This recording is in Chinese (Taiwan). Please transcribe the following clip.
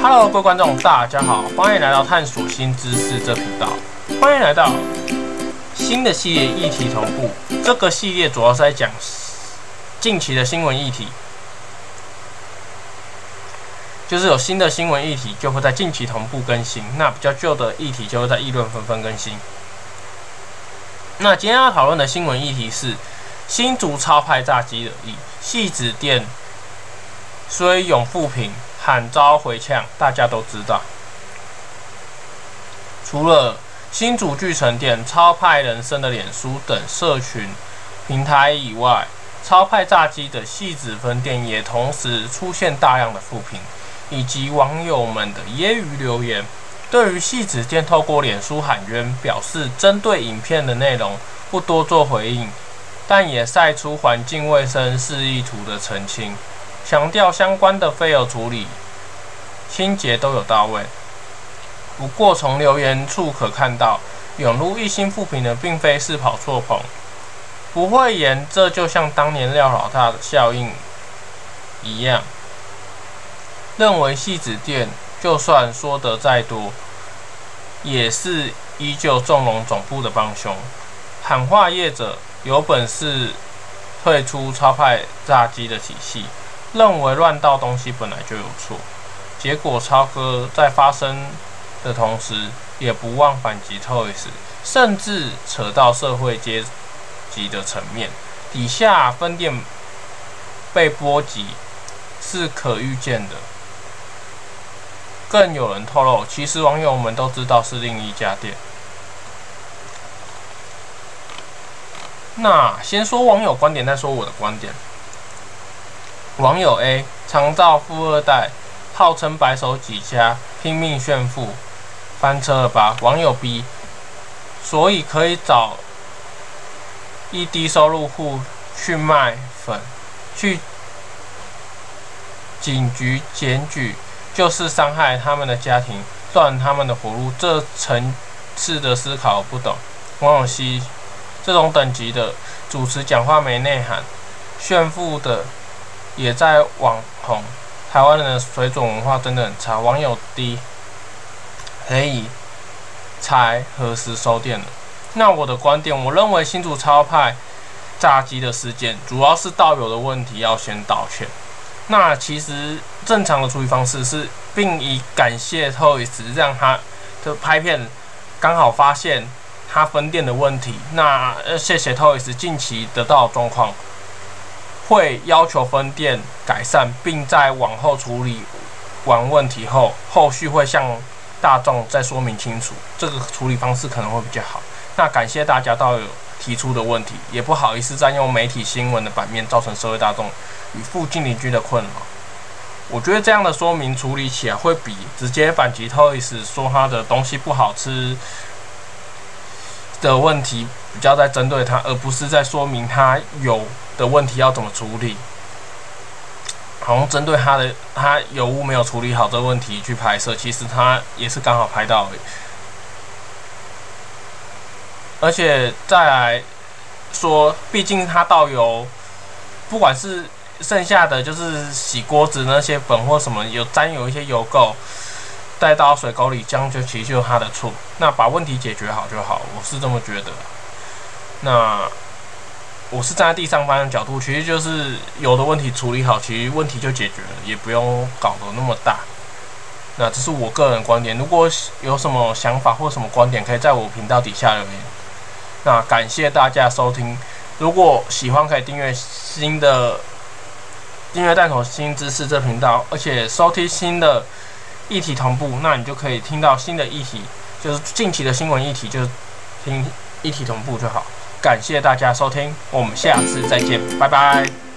Hello，各位觀眾，大家好，歡迎來到探索新知識這頻道。歡迎來到新的系列議題同步。這個系列主要是在講近期的新聞議題，就是有新的新聞議題就會在近期同步更新，那比較舊的議題就會在議論紛紛更新。那今天要討論的新聞議題是新竹超派炸雞的疑，戲子店雖永不平。慘遭回嗆，大家都知道。除了新竹巨城店，超派人生的臉書等社群平台以外，超派炸雞的汐止分店也同時出現大量的負評，以及網友們的揶揄留言。對於汐止店透過臉書喊冤，表示針對影片的內容不多做回應，但也曬出環境衛生示意圖的澄清。強調相關的廢油處理、清潔都有到位。不過從留言處可看到，湧入一星負評的，並非是跑錯棚，不諱言這就像當年廖老大的效應一樣。認為汐止店就算說得再多，也是依舊縱容總部的幫兇。喊話業者，有本事退出超派炸雞的體系。認為亂倒東西本來就有錯，結果超哥在發聲的同時，也不忘反擊 Tozy，甚至扯到社會階級的層面，底下分店被波及是可預見的。更有人透露，其實網友們都知道是另一家店。那先說網友觀點，再說我的觀點。網友 A 常造富二代，號稱白手起家，拼命炫富，翻車了吧？網友 B，所以可以找一低收入戶去賣粉，去警局檢舉，就是傷害他們的家庭，斷他們的活路。這層次的思考不懂。網友 C，這種等級的主持講話沒內涵，炫富的。也在網紅，台灣人的水準文化真的很差。網友 D，可以，才何時收電了？那我的觀點，我認為新竹超派炸雞的事件，主要是道友的問題，要先道歉。那其實正常的處理方式是，並以感謝 Tozy，讓他，的拍片剛好發現他分店的問題。那謝謝 Tozy 近期得到狀況。會要求分店改善，並在往後處理完問題後，後續會向大眾再說明清楚。這個處理方式可能會比較好。那感謝大家到有提出的問題，也不好意思占用媒體新聞的版面，造成社會大眾與附近鄰居的困擾。我覺得這樣的說明處理起來會比直接反擊 Tozy 說他的東西不好吃。的問題比較在針對它，而不是在說明它油的問題要怎麼處理。好像針對它的它油污，沒有處理好這個問題去拍攝，其實它也是剛好拍到而已。而且再來說，畢竟它倒油，不管是剩下的就是洗鍋子那些粉或什麼，有沾有一些油垢。帶到水溝裡，這樣就其實就是他的錯。那把問題解決好就好，我是這麼覺得。那我是站在第三方的角度，其實就是有的問題處理好，其實問題就解決了，也不用搞得那麼大。那這是我個人觀點。如果有什麼想法或什麼觀點，可以在我頻道底下留言。那感謝大家收聽。如果喜歡，可以訂閱新的訂閱探索新知識這頻道，而且收聽新的。議題同步，那你就可以聽到新的議題，就是近期的新聞議題，就是聽議題同步就好。感謝大家收聽，我們下次再見，拜拜。